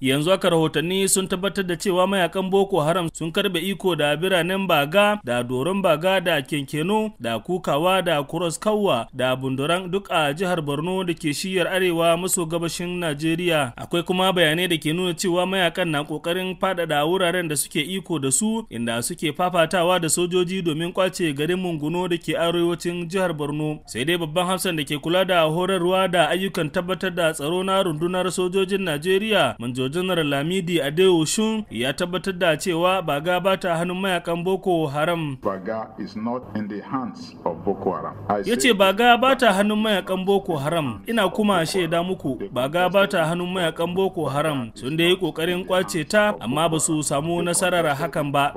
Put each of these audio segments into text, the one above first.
yanzu haka rahotanni sun tabbatar da cewa mayakan boko haram sun karbe iko da biranen baga da doron baga da kenkeno da kukawa da Kuros Kawwa da bunduran duk a jihar borno da ke shiyar arewa maso gabashin najeriya akwai kuma bayanai da ke nuna cewa mayakan na kokarin faɗaɗa wuraren da suke iko da su inda suke fafatawa da sojoji domin kwace garin munguno da ke arewacin jihar borno sai dai babban hafsan da ke kula da horarwa da ayyukan tabbatar da tsaro na rundunar sojojin najeriya manjo manjo janar lamidi adeoshun ya tabbatar da cewa baga ba ta hannun mayakan boko haram ya ce baga ba ta hannun mayakan boko haram ina kuma shaida muku baga ba ta hannun mayakan boko haram sun da yi kokarin kwace ta amma ba su samu nasarar hakan ba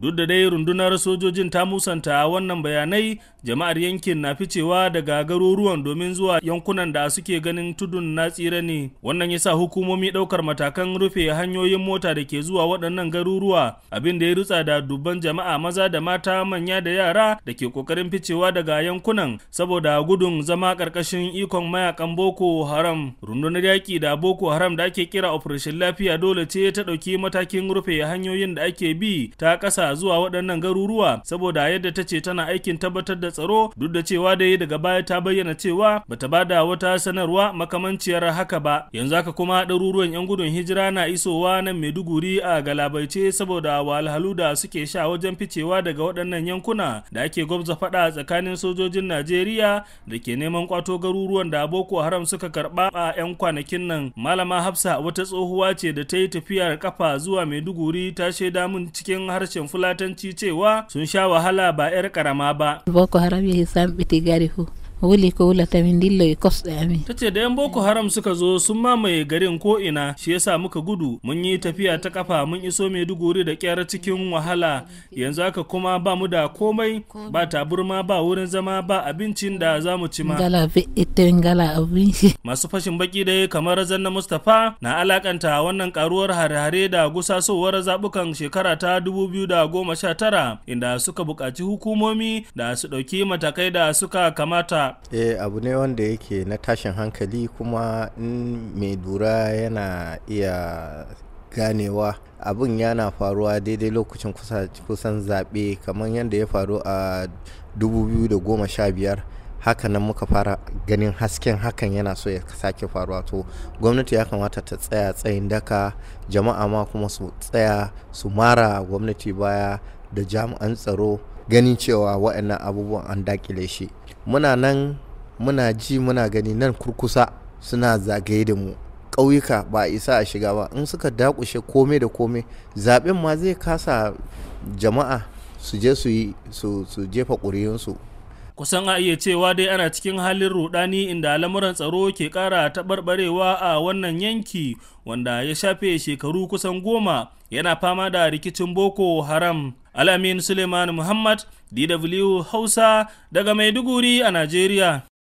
duk da dai rundunar sojojin ta musanta wannan bayanai jama'ar yankin na ficewa daga garuruwan domin zuwa yankunan da suke ganin tudun na tsira ne wannan ya sa hukumomi ɗaukar matakan rufe hanyoyin mota da ke zuwa waɗannan garuruwa abin da ya rutsa da dubban jama'a maza da mata manya da yara da ke ƙoƙarin ficewa daga yankunan saboda gudun zama ƙarƙashin ikon mayakan boko haram rundunar yaƙi da boko haram da ake kira operation lafiya dole ce ta ɗauki matakin rufe hanyoyin da ake bi ta ƙasa zuwa waɗannan garuruwa saboda yadda ta ce tana aikin tabbatar da tsaro duk da cewa da dai daga baya ta bayyana cewa bata bada wata sanarwa makamanciyar haka ba yanzu aka kuma ɗaruruwan 'yan gudun hijira na isowa nan maiduguri a galabaice saboda walhalu da suke sha wajen ficewa daga waɗannan yankuna da ake gwabza faɗa tsakanin sojojin najeriya da ke neman kwato garuruwan da boko haram suka karɓa a 'yan kwanakin nan malama hafsa wata tsohuwa ce da ta yi tafiyar kafa zuwa maiduguri ta shaida mun cikin harshen fulatanci cewa sun sha wahala ba 'yar karama ba boko haram ya wuli ko wula ta min dillo ya e kos ami tace da yan boko haram suka zo sun mamaye garin ko ina shi yasa muka gudu mun yi tafiya ta kafa mun iso mai duguri da kyar cikin wahala yanzu haka kuma ba mu da komai ba burma ba wurin zama ba abincin da za mu ci ma gala ita gala abinci masu fashin baki dai kamar zanna Mustapha na alakanta wannan karuwar hare-hare da gusasowar zabukan shekara ta 2019 inda suka buƙaci hukumomi da su ɗauki matakai da suka kamata eh abu ne wanda yake na tashin hankali kuma in mai lura yana iya ganewa abin yana faruwa daidai lokacin kusan zaɓe kamar yadda ya faru a 2015 haka nan muka fara ganin hasken hakan yana so ya sake faruwa to gwamnati ya kamata ta tsaya tsayin daka jama'a ma kuma su tsaya su mara gwamnati baya da jami'an tsaro ganin cewa waɗannan abubuwan an dakile shi muna nan muna ji muna gani nan kurkusa suna zagaye da mu ƙauyuka ba a isa a shiga ba in suka dakushe kome da kome zaɓen ma zai kasa jama'a su je su yi su jefa ƙuri'unsu kusan a iya cewa dai ana cikin halin rudani inda lamuran tsaro ke kara taɓarɓarewa a wannan yanki wanda ya shafe shekaru kusan goma yana fama da rikicin boko haram Alamin Suleiman Muhammad, DW Hausa daga Maiduguri a Najeriya.